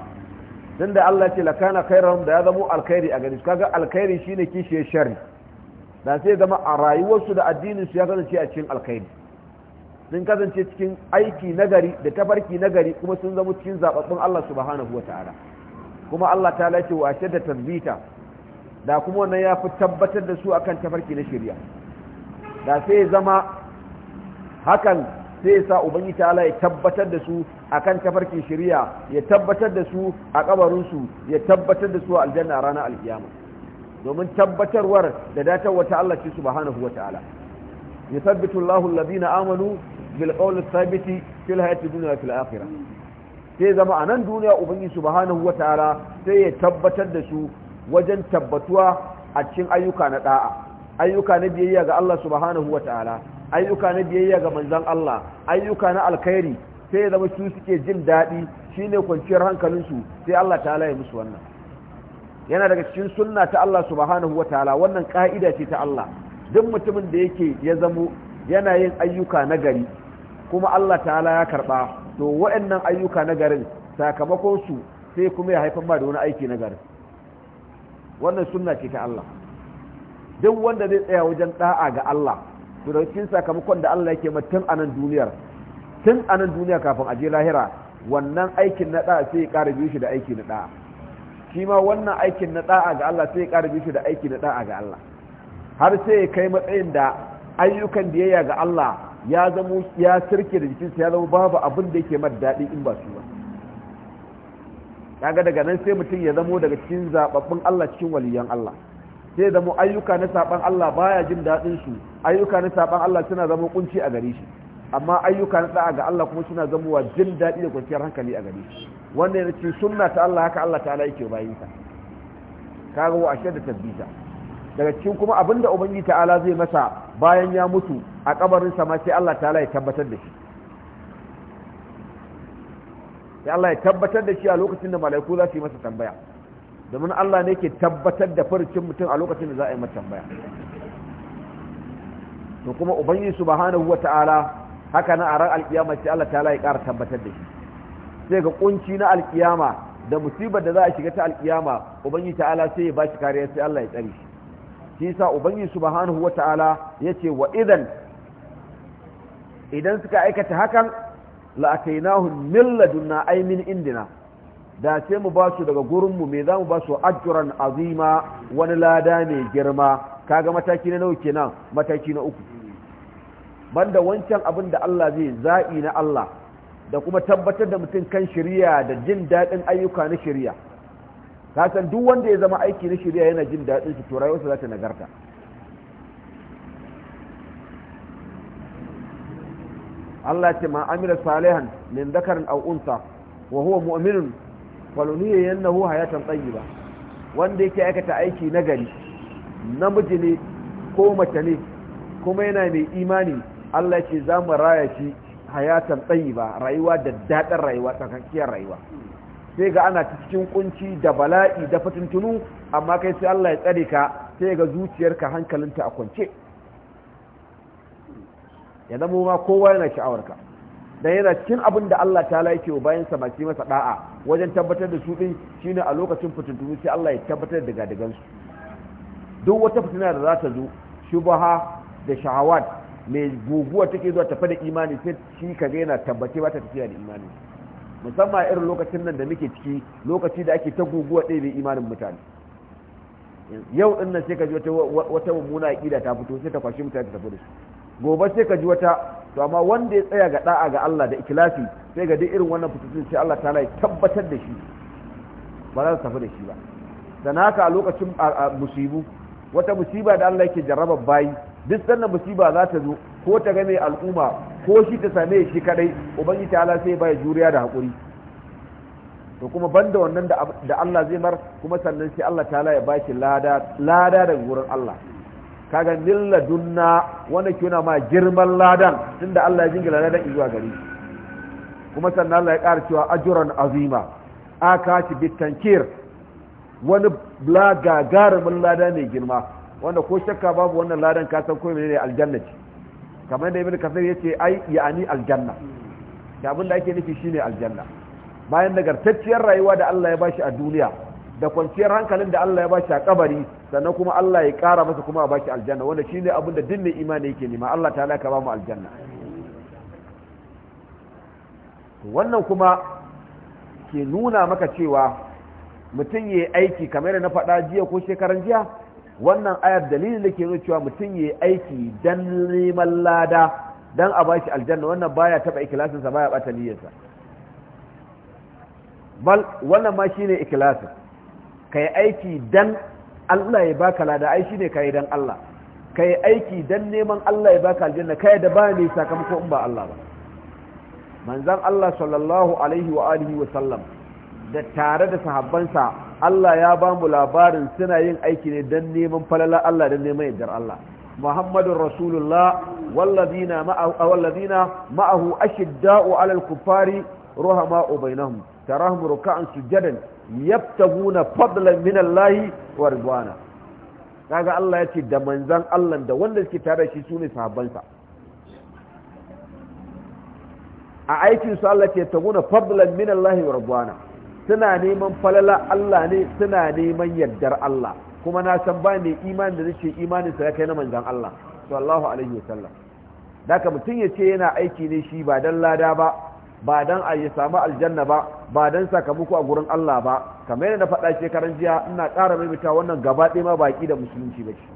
dan da Allah ce lakana khairan da ya zama alkhairi a gani kaga alkhairi shine kishiyar sharri da sai ya zama a rayuwarsu da addinin su ya kasance a cikin alkhairi sun kasance cikin aiki nagari da tafarki nagari kuma sun zama cikin zaɓaɓɓun Allah subhanahu ta'ala kuma Allah ta lace wa shadda tazbita da kuma wannan ya fi tabbatar da su akan tafarki na shirya da sai zama hakan sai sa ubangi ta'ala ya tabbatar da su akan tafarki shirya ya tabbatar da su a kabarinsu ya tabbatar da su a aljanna a ranar alkiyama domin tabbatarwar da datar wata Allah ce subhanahu wata'ala yuthabbitu Allahu alladhina amanu bil qawli thabiti fil hayati dunya fil akhirah sai zama a nan duniya ubangi subhanahu wata'ala sai ya tabbatar da su wajen tabbatuwa a cikin ayyuka na da'a ayyuka na biyayya ga Allah subhanahu wataala ayyuka na biyayya ga manzon Allah ayyuka na alkhairi sai zama su suke jin daɗi shine kwanciyar su sai Allah ta'ala ya musu wannan yana daga cikin sunna ta Allah subhanahu wataala wannan ka'ida ce ta Allah duk mutumin da yake ya zamo yana yin ayyuka na gari kuma Allah ta'ala ya karba to waɗannan ayyuka na garin sakamakon su sai kuma ya haifar ma da wani aiki na garin wannan sunna ce ta Allah duk wanda zai tsaya wajen da'a ga Allah to da cikin sakamakon da Allah yake ma tun anan duniyar tun anan duniya kafin a je lahira wannan aikin na da'a sai ya ƙara biyu da aiki na da'a shi ma wannan aikin na da'a ga Allah sai ya ƙara biyu da aiki na da'a ga Allah har sai ya kai matsayin da ayyukan da yayya ga Allah ya zama ya sirke da jikinsa ya zama babu abin da yake mata daɗi in ba su ba kaga daga nan sai mutum ya zamo daga cikin zababbin Allah cikin waliyan Allah sai zamo ayyuka na saban Allah baya jin daɗin su ayyuka na saban Allah suna zama kunci a gare shi amma ayyuka na da'a ga Allah kuma suna wa jin daɗi da kwanciyar hankali a gare shi wanda yana cikin sunna ta Allah haka Allah ta'ala yake bayin ka kaga wa ashe da tabbita daga cikin kuma abinda ubangiji ta'ala zai masa bayan ya mutu a kabarin sa ma sai Allah ta'ala ya tabbatar da shi sai Allah ya tabbatar da shi a lokacin da malaiku za su yi masa tambaya domin Allah ne ke tabbatar da farcin mutum a lokacin da za a yi masa tambaya to kuma ubangiji subhanahu wata'ala haka na a ran alkiyama sai Allah ta'ala ya ƙara tabbatar da shi sai ga kunci na alkiyama da musibar da za a shiga ta alkiyama ubangiji ta'ala sai ya bashi kariya sai Allah ya tsare shi shi yasa ubangiji subhanahu wata'ala yace wa idan idan suka aikata hakan la'atainahum min ladunna ay min indina da ce mu ba su daga gurin mu me za mu ba su ajran azima wani lada mai girma kaga mataki na nawa kenan mataki na uku banda wancan abin da Allah zai za'i na Allah da kuma tabbatar da mutum kan shirya da jin daɗin ayyuka na shirya kasan duk wanda ya zama aiki na shirya yana jin daɗin shi to rayuwarsa za ta nagarta Allah ce ma amira salihan min dakarin aw unsa wa huwa mu'minun faluniyannahu hayatan tayyiba wanda yake aikata aiki na gari, namiji ne ko mace ne kuma yana mai imani Allah ce za mu raya shi hayatan tayyiba rayuwa da daɗin rayuwa tsakakkiyar rayuwa sai ga ana cikin kunci da bala'i da fatuntunu amma kai sai Allah ya tsare ka sai ga zuciyarka hankalinta a kwance ya zama ma kowa yana sha'awarka dan yana cikin abin da Allah ta yake wa bayan samaki masa da'a wajen tabbatar da su din shine a lokacin fitintunu sai Allah ya tabbatar da gadagan su duk wata fitina da za ta zo shubaha da shahawat mai guguwa take zuwa tafi da imani sai shi kaga yana tabbace ba ta tafiya da imani musamman irin lokacin nan da muke ciki lokaci da ake ta guguwa ɗaya bai imanin mutane yau ɗin nan sai ka ji wata mummuna aƙida ta fito sai ta kwashi mutane ta tafi da su gobe sai ka ji wata to amma wanda ya tsaya ga da'a ga Allah da ikhlasi sai ga duk irin wannan fitutun sai Allah ta'ala ya tabbatar da shi ba za su tafi da shi ba dan haka a lokacin musibu wata musiba da Allah yake jarraba bayi duk sannan musiba za ta zo ko ta ga mai al'umma ko shi ta same shi kadai ubangi ta'ala sai baya juriya da hakuri to kuma banda wannan da Allah zai mar kuma sannan sai Allah ta'ala ya baki lada lada daga gurin Allah kaga milla dunna wanda ke ma girman ladan tunda Allah ya jingila ladan zuwa gari kuma sannan Allah ya ƙara cewa ajuran azima aka ci bitankir wani gagarumin ladan ne girma wanda ko shakka babu wannan ladan ka san ko menene aljanna ce kamar da ibn kasir yace ai ya'ani aljanna da abin da ake nufi shine aljanna bayan nagartacciyar rayuwa da Allah ya bashi a duniya da kwanciyar hankalin da Allah ya bashi a kabari sannan kuma Allah ya kara masa kuma a bashi aljanna wanda shine ne da dinnin imani yake nema Allah ta laka ba mu aljanna wannan kuma ke nuna maka cewa mutum yayi aiki kamar na faɗa jiya ko shekaran jiya wannan ayar dalilin da ke nuna cewa mutum yi aiki don neman lada don a bashi aljanna wannan baya taba ikilasinsa baya ɓata niyyarsa wannan ma shine ikilasin kai aiki dan Allah ya baka lada ai shine kai dan Allah kai aiki dan neman Allah ya baka aljanna kai da ba ne sakamako in ba Allah ba manzon Allah sallallahu alaihi wa alihi wa sallam da tare da sahabbansa Allah ya ba mu labarin suna yin aiki ne dan neman falala Allah dan neman yardar Allah Muhammadun Rasulullah wallazina ma'ahu wallazina ma'ahu ashidda'u 'alal kuffari ruhama'u bainahum tarahum ruk'an sujadan yabtaguna fadlan min Allah wa ridwana kaga Allah yace da manzan Allah da wanda suke tare shi sune sabonsa. a aikin su Allah ce taguna fadlan min Allah wa ridwana suna neman falala Allah ne suna neman yardar Allah kuma na san ba mai imani da zai imanin sa kai na manzan Allah sallallahu alaihi wasallam da ka mutum ya ce yana aiki ne shi ba dan lada ba ba dan a yi samu aljanna ba ba dan sakamako a gurin Allah ba kamar yadda na faɗa karan jiya ina ƙara maimaita wannan gaba ɗaya ma baƙi da musulunci ba ce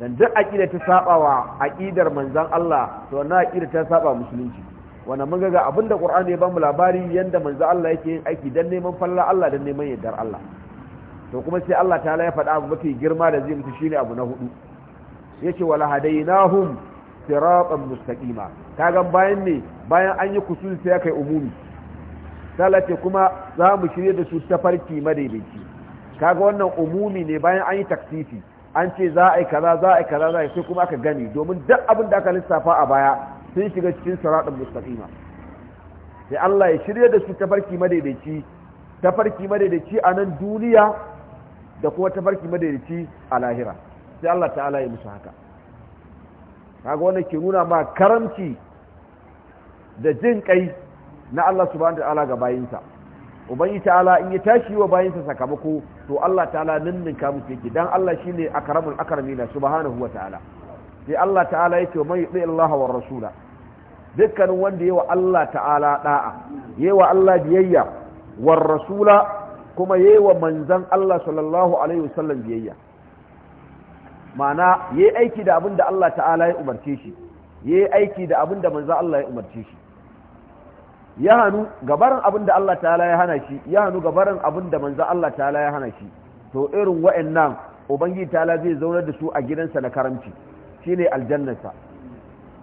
dan duk aƙida ta saba wa aƙidar manzon Allah to na aƙida ta saba musulunci wannan mun ga abinda Qur'ani ya mu labari yanda manzan Allah yake yin aiki dan neman falla Allah dan neman yardar Allah to kuma sai Allah ta ya faɗa abu mafi girma da zai mutu shine abu na hudu yace wala hadainahum siratan mustaqima kaga bayan ne bayan an yi kusuri sai kai umumi salate kuma za mu shirye da su tafarki madaidaici kaga wannan umumi ne bayan an yi taksifi an ce za a yi kaza za a yi kaza za a yi sai kuma aka gani domin duk abin da aka lissafa a baya sun shiga cikin siratan mustaqima sai Allah ya shirye da su tafarki madaidaici tafarki madaidaici a nan duniya da kuma tafarki madaidaici a lahira sai Allah ta'ala ya musu haka kaga wannan ke nuna ma karamci da jin kai na Allah subhanahu ta'ala ga bayinsa ubangi ta'ala in ya tashi wa bayinsa sakamako to Allah ta'ala ninninka musu yake dan Allah shine akramul akramina subhanahu wa ta'ala sai Allah ta'ala yake mai yi Allah wa rasula dukkanin wanda yawa Allah ta'ala da'a yawa Allah biyayya war rasula kuma yawa manzan Allah sallallahu alaihi wasallam biyayya ma'ana yayi aiki da abin da Allah ta'ala ya umarce shi yayi aiki da abin da manzo Allah ya umarce shi ya hanu gabaran abin da Allah ta'ala ya hana shi ya hanu gabaran abin da manzo Allah ta'ala ya hana shi to irin wa'annan ubangi ta'ala zai zaunar da su a gidansa na karamci shine aljannasa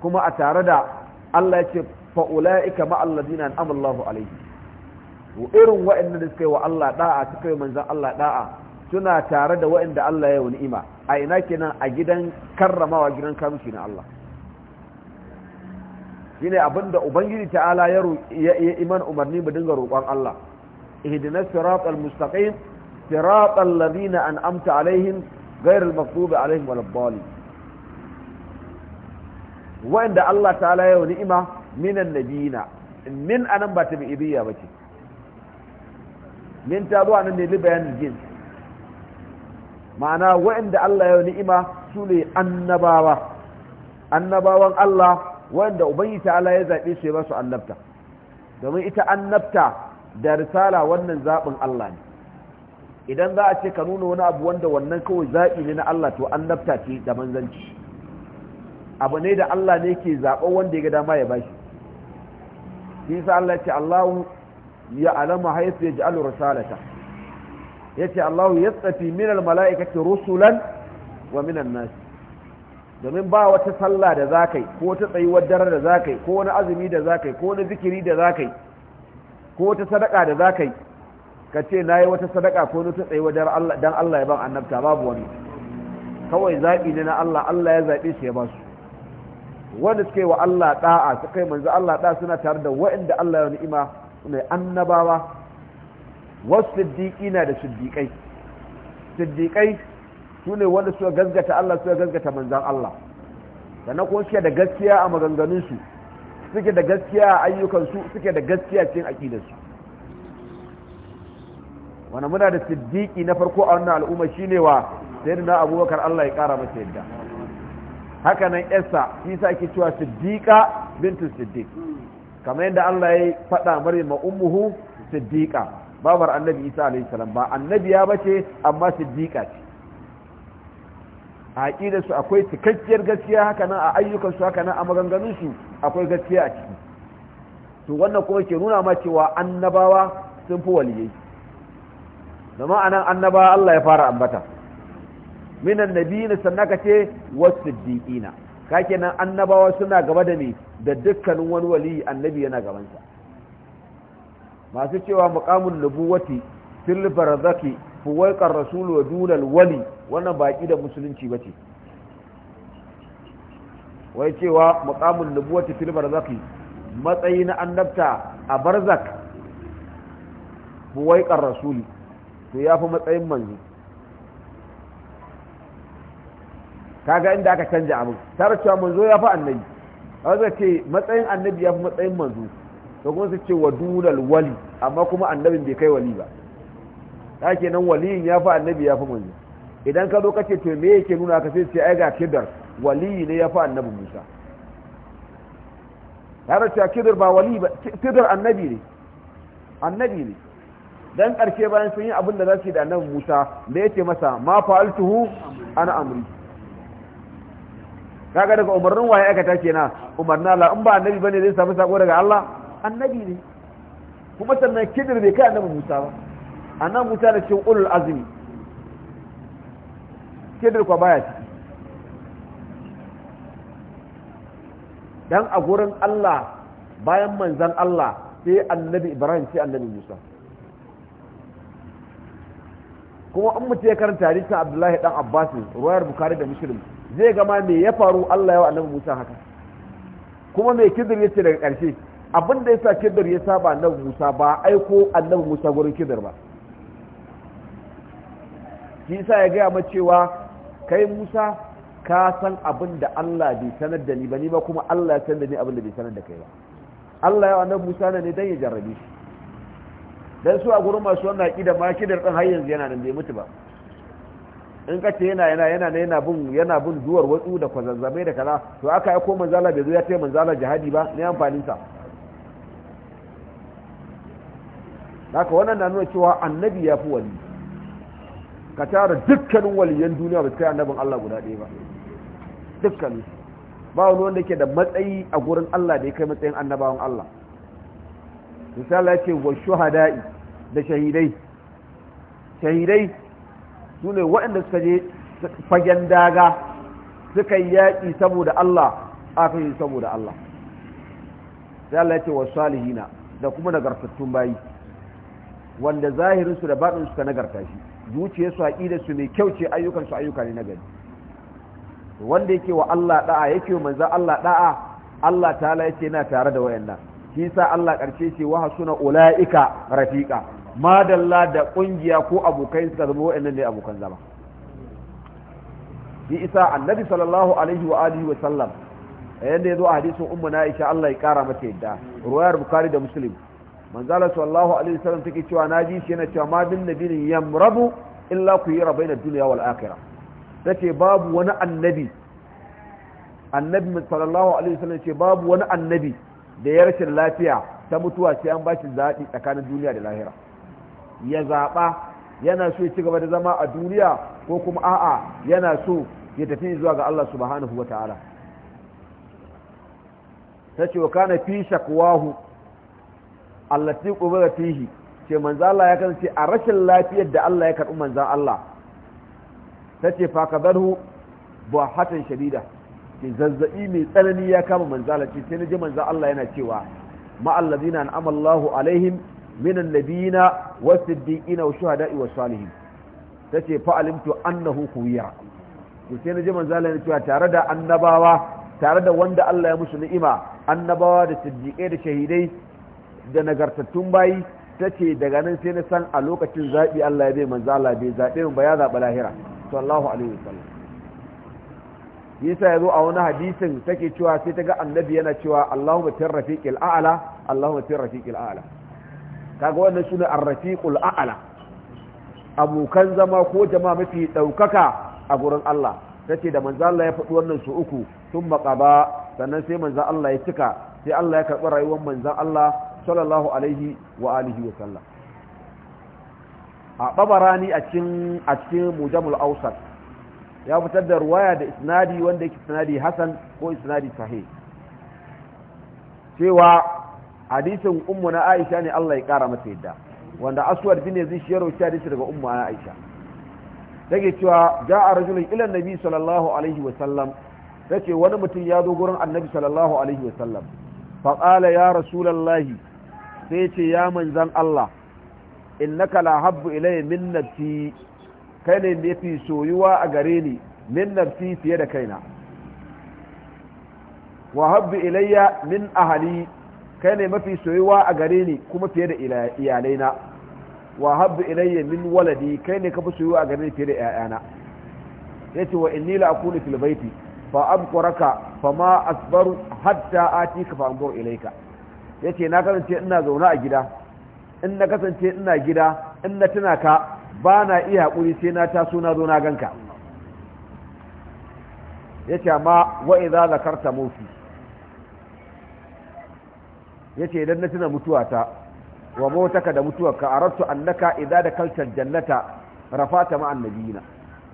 kuma a tare da Allah ya ce fa ulaika ma alladhina an'ama Allahu alaihim irin wa'annan da suka yi wa Allah da'a suka yi manzon Allah da'a suna tare da waɗanda Allah ya ni'ima a ina kenan a gidan karramawa gidan kamushi na Allah shine abinda ubangiji ta'ala ya ya iman umarni mu dinga roƙon Allah ihdinas siratal mustaqim siratal ladina an'amta alaihim ghairil maghdubi alaihim waladdallin wanda Allah ta'ala ya ni'ima minan nabiyina min anan ba ta tabi'idiyya bace min ta zuwa nan ne libayanin jins ma'ana wa'anda Allah ya ni'ima su ne annabawa annabawan Allah wa'anda ubangi ta'ala ya zaɓe su ya ba su annabta domin ita annabta da risala wannan zaɓin Allah ne idan za a ce ka nuna wani abu wanda wannan kawai zaɓi ne na Allah to annabta ce da manzanci abu ne da Allah ne ke zaɓen wanda ya ga dama ya bashi shi sa Allah ce Allahu ya alama haifu ya ji alu risalata yace Allah ya tsafi min almalaikati rusulan wa minan annas domin ba wata sallah da zakai ko wata tsayuwar dare da zakai ko wani azumi da zakai ko wani zikiri da zakai ko wata sadaka da zakai ka ce na yi wata sadaka ko ta tsayuwar dare Allah dan Allah ya ban annabta babu wani kawai zabi ne na Allah Allah ya zabe shi ya ba su wanda suka yi wa Allah da'a suka yi manzo Allah da'a suna tare da waɗanda Allah ya ni'ima mai annabawa wasiddiqina da siddiqai siddiqai sune wanda suka gaskata Allah suka gaskata manzan Allah sannan kuma suke da gaskiya a maganganun su suke da gaskiya a ayyukan su suke da gaskiya cikin aqidar su wanda muna da siddiqi na farko a wannan al'umma shine wa sayyidina Abubakar Allah ya kara masa yadda haka nan Esther shi sa ake cewa siddiqa bintu siddiq kamar yadda Allah ya faɗa Maryam ummuhu siddiqa babar annabi isa alaihi salam ba annabiya bace amma siddiqa ce a aqidar su akwai cikakkiyar gaskiya haka nan a ayyukan su haka nan a maganganun su akwai gaskiya a ciki to wannan kuma ke nuna ma cewa annabawa sun fi waliyai zama anan annabawa Allah ya fara ambata minan nabiyina sannaka ce wasiddiqina kake nan annabawa suna gaba da ni da dukkanin wani waliyi annabi yana gabansa masu cewa muqamul nubuwati fil barzaki fuwaiqar rasul wa dunal wali wannan baki da musulunci bace wai cewa muqamul nubuwati fil barzaki matsayi na annabta a barzak fuwaiqar rasuli to yafi matsayin manzo kaga inda aka canja abin tare cewa manzo ya fi annabi a ce matsayin annabi ya fi matsayin manzo to kuma su ce wa dunal wali amma kuma annabin bai kai wali ba ta nan waliyin ya fi annabi ya fi manzo idan ka zo kace to me yake nuna ka sai ce ai ga kidar waliyi ne ya fi annabi Musa har ta kidar ba wali ba kidar annabi ne annabi ne dan karshe bayan sun yi abin da zasu yi da annabi Musa da yace masa ma fa'altuhu ana amri kaga daga umarnin waye aka tace na umarna la in ba annabi bane zai samu sako daga Allah annabi ne kuma sannan kidir bai kai annabi musa ba annabi musa da cikin ulul azumi kidir kwa baya ciki dan a gurin Allah bayan manzan Allah sai annabi Ibrahim sai annabi Musa kuma an mutu ya karanta hadisin Abdullahi dan Abbas ruwayar Bukhari da Muslim zai gama me ya faru Allah ya wa annabi Musa haka kuma me kidir yace daga ƙarshe abin da ya sa kidar ya saba annabi Musa ba aiko annabi Musa gurin kidar ba shi sa ya gaya ma cewa kai Musa ka san abin da Allah bai sanar da ni ba ni ba kuma Allah ya sanar da ni abin da bai sanar da kai ba Allah ya wa annabi Musa ne dan ya jarrabe shi dan su a gurin masu wannan aqida ma kidar din har yanzu yana nan bai mutu ba in ka ce yana yana yana yana bin yana bin duwar watsu da kwazazzabe da kaza to aka yi ko manzala bai zo ya taya manzala jihadi ba ne amfanin sa haka wannan na nuna cewa annabi ya fi wali ka tara dukkanin waliyan duniya ba su kai annabin Allah guda ɗaya ba dukkanin ba wani wanda ke da matsayi a gurin Allah da ya kai matsayin annabawan Allah misali ce wa shuhada'i da shahidai shahidai su ne waɗanda suka je fagen daga suka yi yaƙi saboda Allah aka yi saboda Allah sai Allah ya ce wa salihina da kuma nagartattun bayi wanda zahirinsu da baɗinsu ka nagarta shi zuciyarsu aƙidarsu mai kyau ce ayyukansu ayyuka ne na gari wanda yake wa Allah da'a yake wa manzo Allah da'a Allah ta'ala yake yana tare da wayannan shi sa Allah karshe ce wa hasuna ulaika rafiqa madalla da kungiya ko abokai suka zama wayannan ne abokan zama shi isa annabi sallallahu alaihi wa alihi wa sallam yanda zo a hadisin ummu na Aisha Allah ya kara mata yadda ruwayar bukhari da muslim manzala sallallahu alaihi wasallam take cewa naji shi yana cewa ma bin nabiyin yamrabu illa ku yi rabaina duniya wal akhirah babu wani annabi annabi sallallahu alaihi wasallam ce babu wani annabi da ya rashin lafiya ta mutuwa sai an bashi zaɓi tsakanin duniya da lahira ya zaɓa yana so ya ci gaba da zama a duniya ko kuma a'a yana so ya tafi zuwa ga Allah subhanahu wa ta'ala ta ce wa kana fi shakwahu allati qubira fihi ce manzo Allah ya kasance a rashin lafiyar da Allah ya karbi manzon Allah tace fa kadarhu bahatan shadida ce zazzabi mai tsanani ya kama manzo Allah ce sai naji manzo Allah yana cewa ma allazina an'ama Allahu alaihim minan nabiyina was-siddiqina wash-shuhada'i was-salihin tace fa alimtu annahu huwiya to sai manzo Allah yana cewa tare da annabawa tare da wanda Allah ya musu ni'ima annabawa da siddiqai da shahidai da nagartattun bayi ta ce daga nan sai na san a lokacin zaɓi Allah ya bai manzo Allah bai zaɓe mu ba ya zaɓi lahira sallallahu alaihi wasallam yasa ya zo a wani hadisin take cewa sai ta ga annabi yana cewa Allahumma tin rafiqil a'la Allahumma tin a'la kaga wannan shine ar-rafiqul a'la abokan zama ko jama'a mafi daukaka a gurin Allah tace da manzo Allah ya faɗi wannan su uku sun maƙaba sannan sai manzo Allah ya cika sai Allah ya karɓi rayuwar manzan Allah sallallahu alaihi wa alihi wa sallam a babarani a cikin a cikin mujamul Ausat ya fitar da ruwaya da isnadi wanda yake isnadi hasan ko isnadi sahih cewa hadisin ummu na aisha ne Allah ya kara mata yadda wanda aswad bin yazid shi ya rawaita hadisi daga ummu na aisha take cewa ja'a rajulun ila nabi sallallahu alaihi wa sallam tace wani mutum ya zo gurin annabi sallallahu alaihi wa sallam fa qala ya rasulullahi sai ce ya manzan Allah innaka la habbu ilai min nafsi kai ne mafi soyuwa a gare ni min nafsi fiye da kaina wa habbu ilayya min ahli kai ne mafi soyuwa a gare ni kuma fiye da iyalaina wa habbu ilayya min waladi kai ne fi soyuwa a gare ni fiye da ƴaƴana yace wa inni la akunu fil baiti fa abqaraka ma asbaru hatta atika fa anzur ilayka ya ce na kasance ina zaune a gida in na kasance ina gida in na tuna ka ba na iya haƙuri sai na taso na zo na ganka ya ce amma wa'iza zakarta mafi ya ce idan na tuna mutuwata wa motaka da ka a rattu annaka idza da kaltar jannata rafata ma annabiyina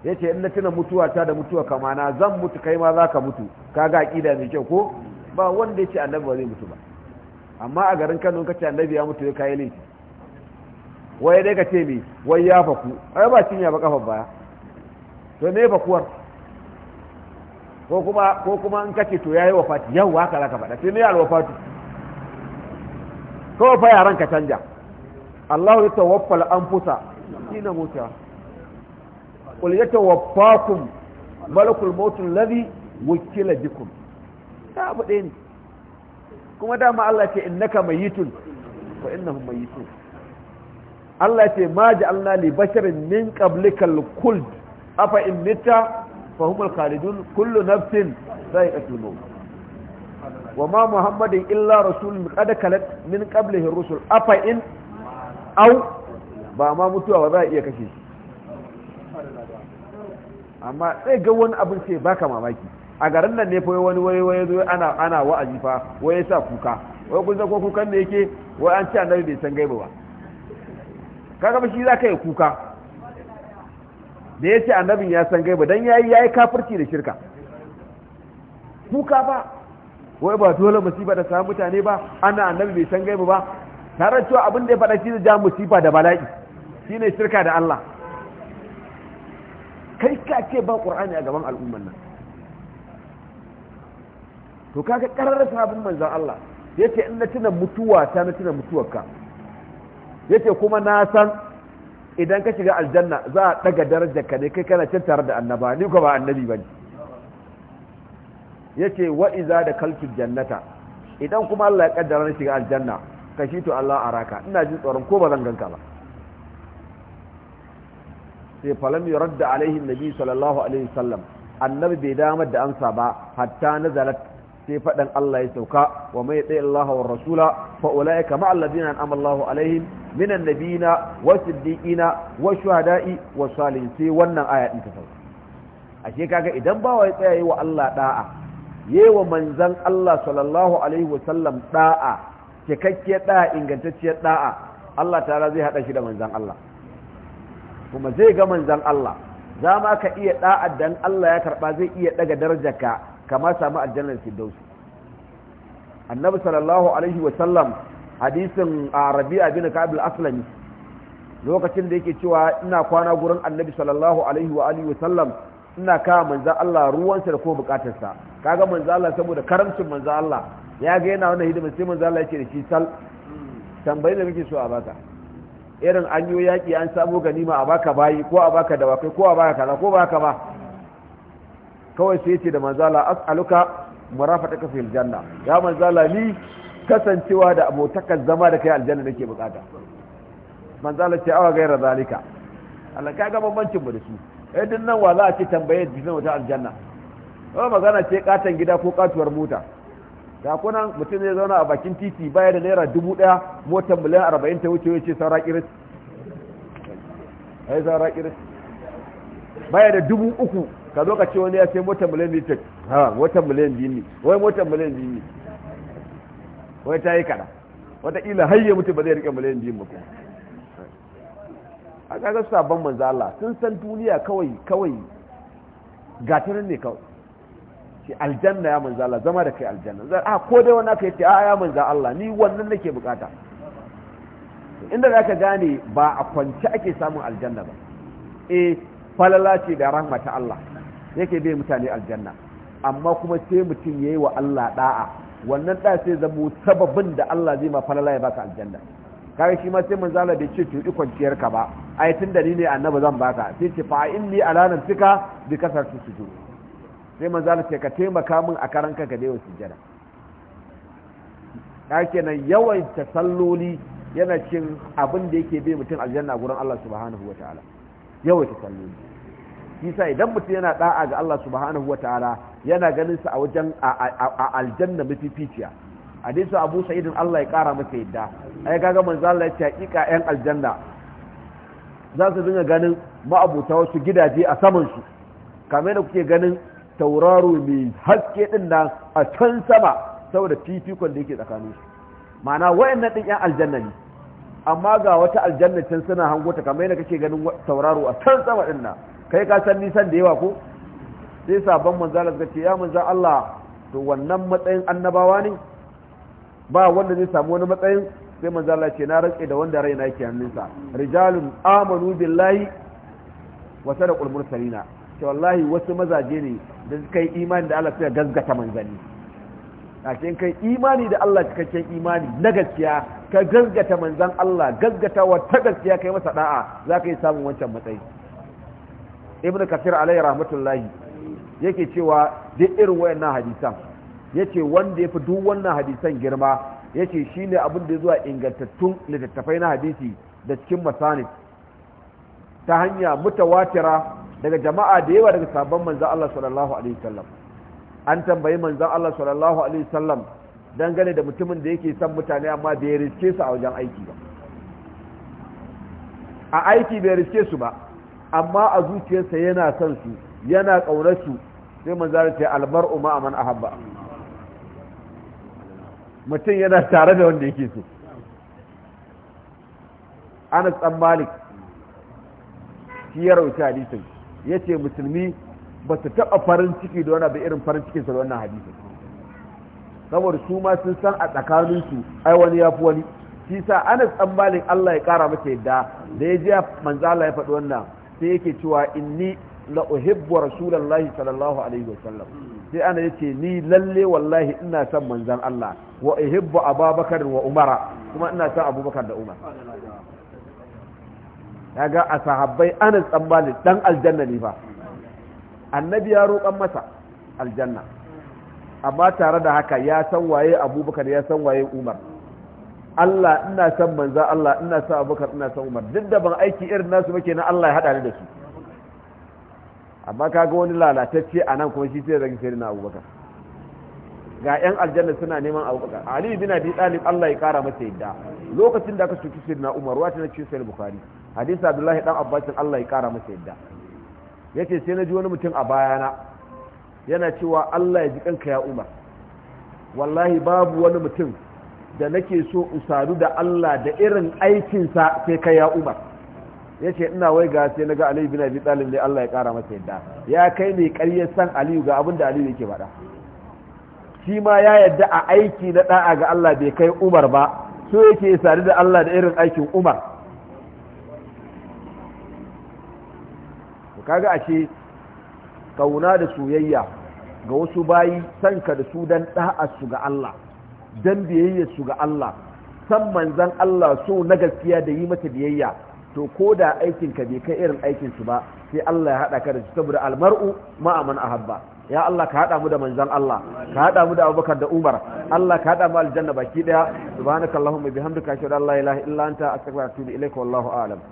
yace in na tuna mutuwa ta da mutuwa ka mana zan mutu kai ma za ka mutu kaga aƙida mai kyau ko ba wanda ya annabi ba zai mutu ba amma a garin kano ka ce annabi ya mutu ya kayi laifi wai dai ka ce me wai ya faku ai ba cinya ba kafa baya to me fakuwar ko kuma ko kuma in kace to yayi wafati yau haka zaka faɗa sai me al wafatu kawai fa yaran ka canja Allahu ya tawaffal anfusa hina mutuwa qul yatawaffakum malakul maut alladhi wukila bikum ta bude ɗaya ne kuma dama Allah ce innaka mayitun wa innahum mayitun Allah ce ma ja'alna li basharin min qablikal khuld afa in mita fa humul khalidun kullu nafsin dha'iqatul maut wa ma muhammadin illa rasulun qad kalat min qablihi rusul afa in aw ba ma mutuwa ba za iya kashe shi amma sai ga wani abin sai baka mamaki a garin nan ne fa wani wai wai zo ana ana wa'azi fa wai sa kuka wai kun ko kukan da yake wai an ci annabi bai san gaiba ba kaga ba shi za ka yi kuka da ya ce annabin ya san gaiba dan yayi yayi kafirci da shirka kuka ba wai ba dole musiba da samu mutane ba ana annabi bai san gaiba ba tare cewa abin da ya faɗa shi da ja musiba da bala'i shine shirka da Allah kai ka ce ba qur'ani a gaban al'umman nan to kaga karar sabon manzan Allah ya ce in na tuna mutuwa ta na tuna mutuwarka ya ce kuma na san idan ka shiga aljanna za a ɗaga darajar ka ne kai kana cin tare da annaba ni ko ba annabi ba ne ya ce wa iza da kalkin jannata idan kuma Allah ya kaddara na shiga aljanna ka shi to Allah a raka ina jin tsoron ko ba zan ganka ba sai falam yuradda alaihi nabi sallallahu alaihi wasallam annabi bai damar da amsa ba hatta nazalat sai faɗan Allah ya sauka wa mai tsaye Allah wa rasula fa kama ma allazina an'ama Allahu alaihim minan nabina wa siddiqina wa shuhada'i wa salihin sai wannan aya din ta sauka kaga idan bawa ya tsaya wa Allah da'a yawa manzan Allah sallallahu alaihi wa sallam da'a cikakkiyar da'a ingantacciyar da'a Allah ta'ala zai haɗa shi da manzan Allah kuma zai ga manzan Allah za ma ka iya da'a dan Allah ya karɓa zai iya daga darajarka kama samu aljannar firdausi annabi sallallahu alaihi sallam hadisin a rabi'a bin kabil aslami lokacin da yake cewa ina kwana gurin annabi sallallahu alaihi wa alihi sallam ina ka manza Allah ruwansa da ko sa kaga manza Allah saboda karamcin manza Allah ya ga yana wannan hidima sai manza Allah yake da shi sal tambayi da muke so a baka irin an yo yaki an samu ganima a baka bayi ko a baka dawakai ko a baka kaza ko baka ba kawai sai ce da manzala as'aluka murafataka fil janna ya manzala ni kasancewa da abotakar zama da kai aljanna nake bukata manzala ce awa gaira zalika Allah ka ga bambancin mu da su eh din nan wa za a ce tambaye jikin wata aljanna ba magana ce katan gida ko katuwar mota da kunan mutum ne zauna a bakin titi baya da naira dubu daya motar miliyan arba'in ta wuce wuce saura kiris ai saura kiris baya da dubu uku ka zo ka ce wani ya ce motar miliyan biyu tik ha motar miliyan biyu ne wai motar miliyan biyu ne wai ta yi kada wataƙila har ya mutu ba zai rike miliyan biyu ba a kaga sabon manzo Allah sun san duniya kawai kawai gatarin ne kawai ce aljanna ya manzo Allah zama da kai aljanna a ah, ko dai wani aka yi a ah, ya manzo Allah ni wannan nake bukata inda za ka gane ba a kwance ake samun aljanna ba e falala ce da rahmata Allah yake bai mutane aljanna amma kuma sai mutum ya yi wa Allah da'a wannan da sai zamo sababin da Allah zai ma falala ya baka aljanna kare shi ma sai mun zala bai ce to kwanciyar ka ba ai tun da ni ne annabi zan baka sai ce fa inni alanan tika bi kasar su sujud sai mun zala ce ka taimaka min a karan kanka da yawan sujjada kake nan yawan tasalloli yana cin abin da yake bai mutum aljanna gurin Allah subhanahu wataala yawan tasalloli yasa idan mutum yana da'a ga Allah subhanahu Ta'ala yana ganin sa a wajen a aljanna mafificiya hadisi abu sa'idin Allah ya kara masa yadda ai kaga manzo Allah ya ce hakika yan aljanna za su dinga ganin ma'abuta wasu gidaje a saman su kamar da kuke ganin tauraro mai haske din nan a can sama saboda fifikon da yake tsakanin su ma'ana wayannan din yan aljanna ne amma ga wata aljanna can suna hango ta kamar yadda kake ganin tauraro a can sama din nan kai ka san nisan da yawa ko sai sabon Allah ga ce ya manzo Allah to wannan matsayin annabawa ne ba wanda zai samu wani matsayin sai Allah ce na rantse da wanda raina yake hannunsa rijalun amanu billahi wa sadaqul mursalina ce wallahi wasu mazaje ne da suka yi imani da Allah suka gaskata manzanni a cikin kai imani da Allah cikakken imani na gaskiya ka gaskata manzan Allah wa ta gaskiya kai masa da'a za ka yi samun wancan matsayi ibn kasir alayhi rahmatullahi yake cewa duk irin wayannan hadisan yace wanda yafi duk wannan hadisan girma yace shine abin da zuwa ingantattun littattafai na hadisi da cikin masanid ta hanya mutawatira daga jama'a da yawa daga sabon manzon Allah sallallahu alaihi wasallam an tambayi manzon Allah sallallahu alaihi wasallam dangane da mutumin da yake son mutane amma bai riske su a wajen aiki ba a aiki bai riske su ba amma a zuciyarsa yana son su yana ƙaunar su sai manzara ce albar'u ma aman ahabba mutum yana tare da wanda yake so Anas dan Malik shi ya rauci hadisin yace musulmi ba su taɓa farin ciki da wani abu irin farin sa da wannan hadisin saboda su ma sun san a tsakaninsu ai wani ya fi wani shi sa anas dan malik Allah ya kara masa yadda da ya ji manzo Allah ya faɗi wannan sai yake cewa inni la uhibbu rasulullahi sallallahu alaihi wasallam sai ana yace ni lalle wallahi ina son manzon Allah wa uhibbu ababakar wa umara kuma ina son abubakar da umar kaga a sahabbai ana tsammani dan aljanna ne fa annabi ya roƙan masa aljanna amma tare da haka ya san waye abubakar ya san waye umar Allah ina san manza Allah ina san abokan, ina san umar duk da ban aiki irin nasu ba na Allah ya hada ni da su amma kaga wani lalatacce a nan kuma shi sai zagi sai na abubakar ga 'yan aljanna suna neman abubakar ali bin abi talib Allah ya kara masa yadda lokacin da aka sai na umar wata na cikin sahih bukhari hadisi abdullahi dan abbas Allah ya kara masa yadda yace sai na ji wani mutum a bayana yana cewa Allah ya ji kanka ya umar wallahi babu wani mutum da nake so in sadu da Allah da irin aikinsa sai kai ya umar yace ina wai ga sai naga aliyu bin abi talib ne Allah ya kara masa yadda ya kai ne ƙaryar san aliyu ga abin da aliyu yake faɗa shi ma ya yadda a aiki na da'a ga Allah bai kai umar ba so yake sadu da Allah da irin aikin umar kaga a ce kauna da soyayya ga wasu bayi sanka da su dan da'a su ga Allah dan biyayya su ga Allah san manzan Allah so na gaskiya da yi mata biyayya to ko da aikin ka bai kai irin aikin su ba sai Allah ya haɗa ka da saboda almar'u ma man ahabba ya Allah ka haɗa mu da manzan Allah ka haɗa mu da Abubakar da Umar Allah ka haɗa mu aljanna baki daya subhanakallahumma bihamdika ashhadu an la ilaha illa anta astaghfiruka wa atubu ilaika wallahu a'lam